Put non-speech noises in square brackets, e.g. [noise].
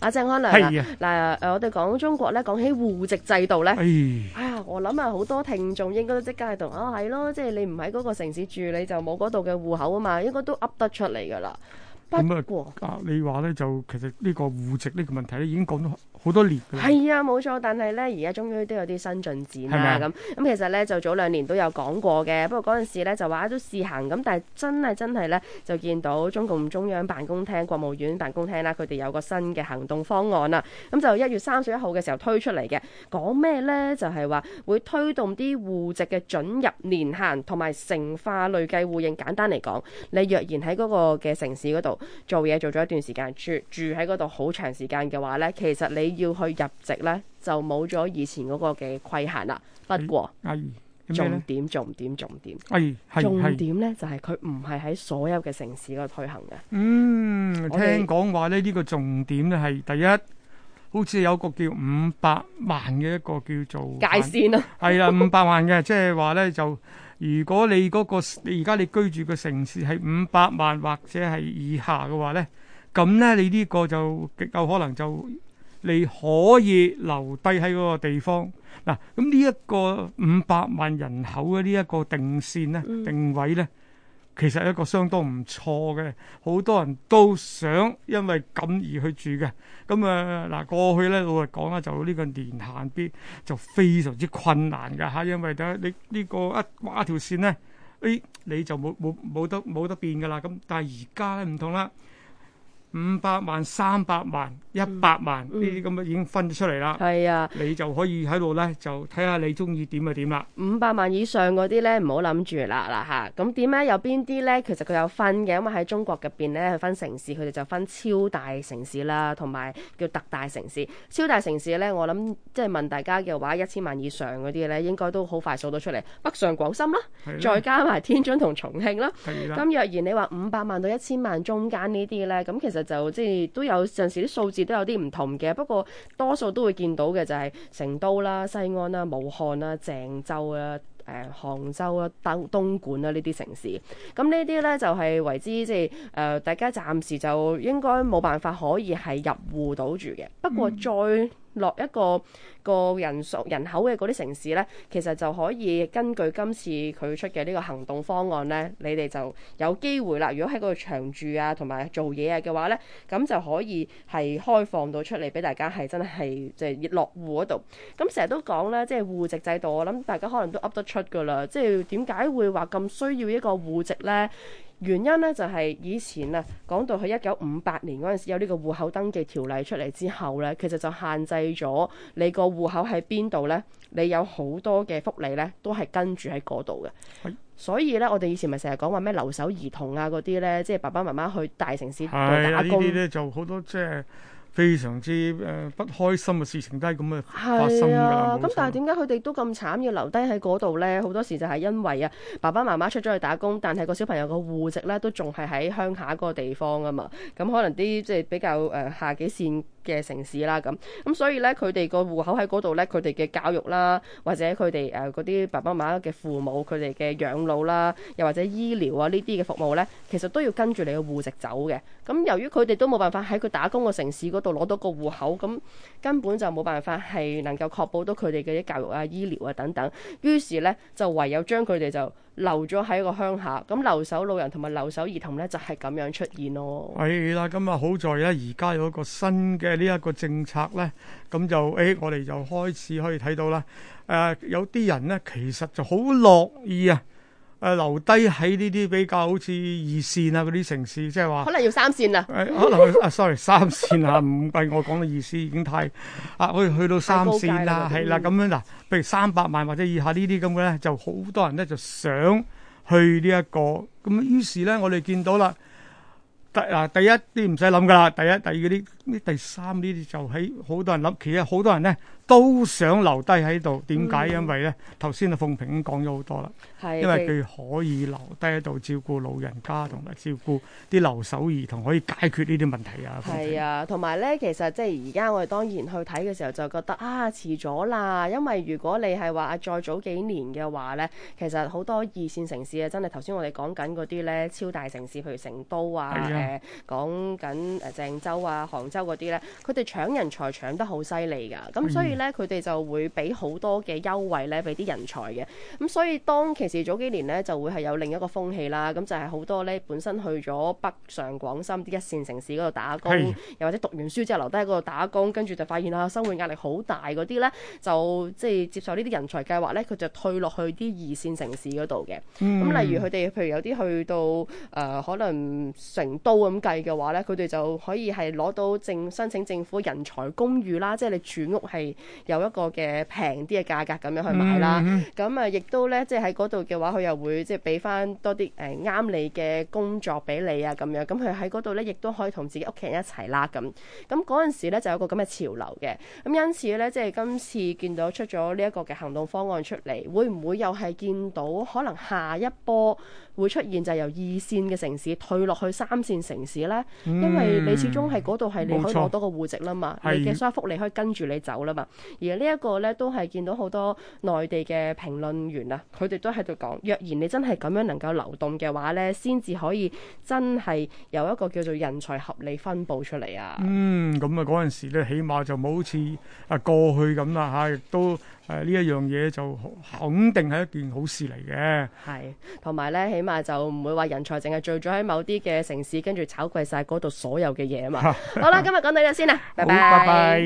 阿鄭、啊、安良、啊，嗱的、啊，我哋講中國咧，講起戶籍制度咧，啊的，我諗啊，好多聽眾應該都即刻喺度，啊、哦，係咯，即係你唔喺嗰個城市住，你就冇嗰度嘅戶口啊嘛，應該都噏得出嚟㗎喇。咁啊，過啊！你話咧就其實呢個戶籍呢個問題咧已經講咗好多年嘅。係啊，冇錯。但係咧而家終於都有啲新進展係嘛。咁咁其實咧就早兩年都有講過嘅，不過嗰陣時咧就話都試行咁，但係真係真係咧就見到中共中央辦公廳、國務院辦公廳啦，佢哋有個新嘅行動方案啦。咁就一月三十一號嘅時候推出嚟嘅，講咩咧？就係話會推動啲戶籍嘅准入年限同埋城化累計互認。簡單嚟講，你若然喺嗰個嘅城市嗰度。做嘢做咗一段時間住住喺嗰度好長時間嘅話呢，其實你要去入籍呢，就冇咗以前嗰個嘅規限啦。不過，重點重點重點，重點，重點、哎、重點呢就係佢唔係喺所有嘅城市度推行嘅。嗯，聽講話呢、呢個重點呢係第一，好似有個叫五百萬嘅一個叫做界線啊，係 [laughs] 啦，五百萬嘅，即係話呢就。如果你嗰、那個你而家你居住嘅城市係五百萬或者係以下嘅話咧，咁咧你呢個就極有可能就你可以留低喺嗰個地方。嗱、啊，咁呢一個五百萬人口嘅呢一個定線咧，嗯、定位咧。其實一個相當唔錯嘅，好多人都想因為咁而去住嘅。咁啊嗱，過去咧老實講啦，就呢個年限邊就非常之困難㗎嚇，因為等你、這個、呢個一畫一條線咧，哎，你就冇冇冇得冇得變㗎啦。咁但係而家咧唔同啦。五百萬、三百萬、一百萬呢啲咁嘅已經分咗出嚟啦。係啊，你就可以喺度呢，就睇下你中意點就點啦。五百萬以上嗰啲呢，唔好諗住啦啦嚇。咁點呢？有邊啲呢？其實佢有分嘅，因為喺中國入邊呢，佢分城市，佢哋就分超大城市啦，同埋叫特大城市。超大城市呢，我諗即係問大家嘅話，一千萬以上嗰啲呢，應該都好快數到出嚟。北上廣深啦，的再加埋天津同重慶啦。咁的若然你話五百萬到一千萬中間呢啲呢，咁其實就即係都有陣時啲數字都有啲唔同嘅，不過多數都會見到嘅就係成都啦、西安啦、武漢啦、鄭州啦、誒、呃、杭州啦、東東莞啦呢啲城市。咁呢啲呢就係、是、為之即係誒，大家暫時就應該冇辦法可以係入戶到住嘅。不過再。嗯落一個個人數人口嘅嗰啲城市呢，其實就可以根據今次佢出嘅呢個行動方案呢，你哋就有機會啦。如果喺嗰度長住啊，同埋做嘢啊嘅話呢，咁就可以係開放到出嚟俾大家係真係即係落戶嗰度。咁成日都講呢，即係戶籍制度，我諗大家可能都噏得出噶啦。即係點解會話咁需要一個戶籍呢？原因呢，就係以前啊，講到去一九五八年嗰陣時有呢個戶口登記條例出嚟之後呢，其實就限制咗你個戶口喺邊度呢？你有好多嘅福利呢，都係跟住喺嗰度嘅。所以呢，我哋以前咪成日講話咩留守兒童啊嗰啲呢，即係爸爸媽媽去大城市打工、哎。呢就好多即係。就是非常之誒不開心嘅事情，都係咁嘅發生啊！咁冇錯，但係點解佢哋都咁慘要留低喺嗰度呢？好多時就係因為啊，爸爸媽媽出咗去打工，但係個小朋友個戶籍呢都仲係喺鄉下嗰個地方啊嘛。咁、嗯、可能啲即係比較誒、呃、下幾線。嘅城市啦，咁、嗯、咁所以咧，佢哋個戶口喺嗰度咧，佢哋嘅教育啦，或者佢哋誒嗰啲爸爸媽媽嘅父母，佢哋嘅養老啦，又或者醫療啊呢啲嘅服務咧，其實都要跟住你個戶籍走嘅。咁、嗯、由於佢哋都冇辦法喺佢打工個城市嗰度攞到個戶口，咁、嗯、根本就冇辦法係能夠確保到佢哋嘅啲教育啊、醫療啊等等。於是咧，就唯有將佢哋就留咗喺個鄉下。咁、嗯、留守老人同埋留守兒童咧，就係、是、咁樣出現咯。係啦，咁啊好在咧，而家有一個新嘅。呢一個政策咧，咁就誒、哎，我哋就開始可以睇到啦。誒、呃，有啲人咧，其實就好樂意啊，誒、呃，留低喺呢啲比較好似二線啊嗰啲城市，即係話可能要三線啊、哎。可能啊，sorry，三線啊，唔係我講嘅意思，已經太啊，可以去到三線啦，係啦，咁樣嗱，譬如三百萬或者以下呢啲咁嘅咧，就好多人咧就想去、這個、呢一個咁，於是咧，我哋見到啦。嗱，第一啲唔使諗噶啦，第一、第二嗰啲，呢第三呢啲就喺好多人諗，其實好多人咧。都想留低喺度，點解？嗯、因為咧，頭先阿鳳萍已經講咗好多啦。的因為佢可以留低喺度照顧老人家，同埋的照顧啲留守兒童，可以解決呢啲問題啊。係啊，同埋咧，其實即係而家我哋當然去睇嘅時候，就覺得啊，遲咗啦。因為如果你係話再早幾年嘅話咧，其實好多二線城市啊，真係頭先我哋講緊嗰啲咧，超大城市，譬如成都啊，誒的，講緊誒鄭州啊、杭州嗰啲咧，佢哋搶人才搶得好犀利噶。咁所以。咧，佢哋就會俾好多嘅優惠咧，俾啲人才嘅。咁所以當其時早幾年咧，就會係有另一個風氣啦。咁就係好多咧，本身去咗北上廣深啲一線城市嗰度打工，是又或者讀完書之後留低喺嗰度打工，跟住就發現啊，生活壓力好大嗰啲咧，就即係、就是、接受呢啲人才計劃咧，佢就退落去啲二線城市嗰度嘅。咁、嗯，例如佢哋，譬如有啲去到誒、呃、可能成都咁計嘅話咧，佢哋就可以係攞到政申請政府人才公寓啦，即係你住屋係，有一個嘅平啲嘅價格咁樣去買啦。咁啊、mm，亦、hmm. 都咧，即係喺嗰度嘅話，佢又會即係俾翻多啲誒啱你嘅工作俾你啊。咁樣咁佢喺嗰度咧，亦都可以同自己屋企人一齊啦。咁咁嗰陣時咧，就有個咁嘅潮流嘅咁，因此咧，即係今次見到出咗呢一個嘅行動方案出嚟，會唔會又係見到可能下一波會出現就係由二線嘅城市退落去三線城市咧？Mm hmm. 因為你始終係嗰度係你可以攞多個戶籍啦嘛，mm hmm. 你嘅所有福利可以跟住你走啦嘛。而呢一個呢，都係見到好多內地嘅評論員啊，佢哋都喺度講：若然你真係咁樣能夠流動嘅話呢，先至可以真係有一個叫做人才合理分佈出嚟，嗯、啊！嗯，咁啊，嗰陣時呢，起碼就冇好似啊過去咁啦吓，亦都誒呢一樣嘢就肯定係一件好事嚟嘅。係，同埋呢，起碼就唔會話人才淨係聚咗喺某啲嘅城市，跟住炒貴晒嗰度所有嘅嘢啊嘛。 [laughs] 好啦，今日講到呢度先啦，拜拜。